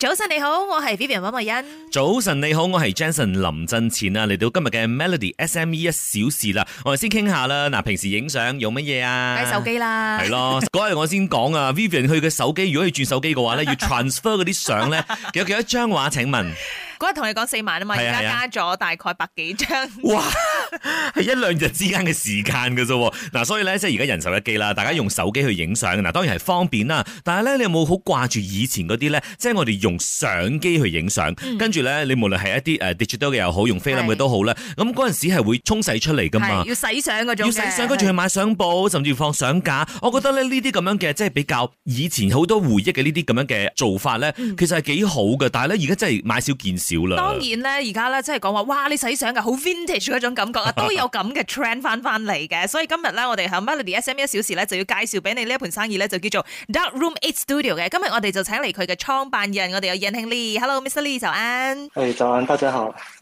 早晨你好，我係 Vivian 溫慧欣。早晨你好，我係 Jason 林振前啊，嚟到今日嘅 Melody SME 一小時啦。我哋先傾下啦，嗱，平時影相用乜嘢啊？手機啦，係咯。嗰日我先講啊 ，Vivian 佢嘅手機，如果要轉手機嘅話咧，要 transfer 嗰啲相咧， 有幾多張話？請問嗰日同你講四萬啊嘛，而家、啊、加咗大概百幾張。哇！係 一兩日之間嘅時間㗎啫，嗱、啊，所以咧即係而家人手一機啦，大家用手機去影相，嗱、啊，當然係方便啦。但係咧，你有冇好掛住以前嗰啲咧？即係我哋用相機去影相，跟住咧，你無論係一啲誒 digital 嘅又好，用菲林嘅都好咧。咁嗰陣時係會沖洗出嚟噶嘛？要洗相嗰種的，要洗相，跟住去買相簿，是 甚至放相架。我覺得咧呢啲咁樣嘅，即係比較以前好多回憶嘅呢啲咁樣嘅做法咧，嗯、其實係幾好噶。但係咧而家真係買少見少啦。當然咧而家咧，即係講話，哇！你洗相嘅好 vintage 嗰種感覺。 都有咁嘅 trend 翻翻嚟嘅，所以今日咧我哋喺 Melody SME 一小時咧就要介紹俾你呢一盤生意咧就叫做 Dark Room Eight Studio 嘅。今日我哋就請嚟佢嘅創辦人，我哋有 Yan Heng Lee。Hello Mr. Lee，早安。hey, 早安。誒，早安，大家好。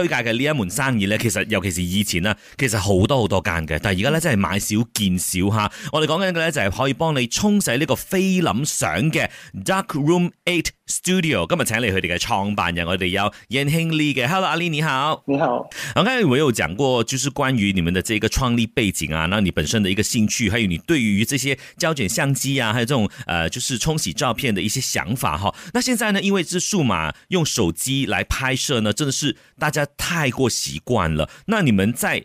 推介嘅呢一門生意咧，其實尤其是以前啦，其實好多好多間嘅，但係而家咧真係買少見少吓，我哋講緊嘅咧就係可以幫你沖洗呢個菲林相嘅 Dark Room Eight。Studio 根本請嚟佢你嘅創辦人，我哋要 Ian Henry 嘅，Hello 阿 Lee 你好，你好。我啊，剛我有講過，就是關於你們的這個創立背景啊，那你本身的一個興趣，還有你對於這些膠卷相機啊，還有這種呃，就是沖洗照片的一些想法哈。那現在呢，因為是數碼，用手機來拍攝呢，真的是大家太過習慣了。那你們在，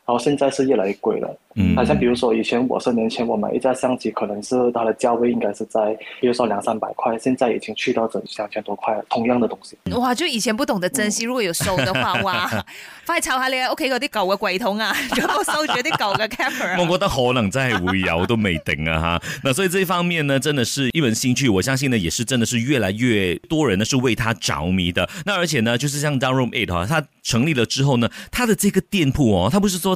然現在是越來越貴了，嗯，好像比如說以前我十年前我買一架相機，可能是它的價位應該是在，比如說兩三百塊，現在已經去到整三千多塊，同樣的東西。嗯、哇，就以前不懂得珍惜，嗯、如果有收的話，哇， 快炒下你屋企，嗰啲舊嘅櫃桶啊，全部 收住啲舊嘅 camera、啊、 我覺得好冷，再無聊都沒頂啊哈。 那所以這一方面呢，真的是一門興趣，我相信呢也是真的是越來越多人呢是為他着迷的。那而且呢，就是像 Down Room Eight 啊，它成立了之後呢，他的這個店鋪哦，他不是說。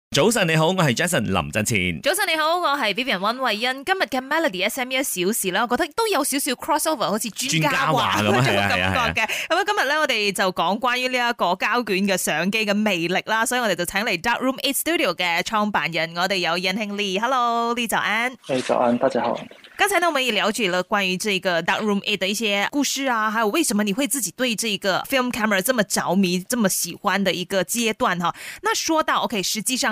早晨你好，我係 Jason 林振前。早晨你好，我係 Vivian 溫慧欣。今日嘅 Melody S M E 一小時啦，我覺得都有少少 crossover，好似專家話咁嘅 感覺嘅。咁啊，是啊，是啊今呢，今日咧我哋就講關於呢一個膠卷嘅相機嘅魅力啦，所以我哋就請嚟 Dark Room Eight Studio 嘅創辦人，我哋有 Ian Henry。Hello，李早安。誒，早安，大家好。剛才呢，我們也了解了關於這個 Dark Room Eight 的一些故事啊，還有為什麼你會自己對這個 film camera 這麼着迷、這麼喜歡的一個階段哈、啊。那說到 OK，實際上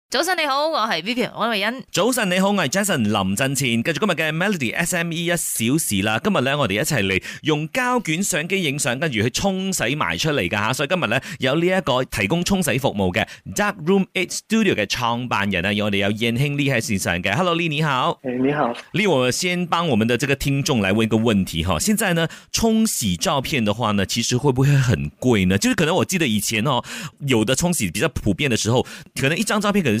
早晨你好，我係 Vivian 安慧欣。早晨你好，我係 Jason 林振前。繼續今日嘅 Melody SME 一小時啦。今日咧，我哋一齊嚟用膠卷相機影相，跟住去沖洗埋出嚟噶吓。所以今日咧有呢一個提供沖洗服務嘅 Dark Room Eight Studio 嘅創辦人啊，我哋有 Yan Heng Lee 喺線上嘅。Hello Lee 你好，hey, 你好，利我先幫我們的這個聽眾來問一個問題吓，現在呢沖洗照片的話呢，其實會不會很貴呢？就是可能我記得以前哦，有的沖洗比較普遍的時候，可能一張照片可能。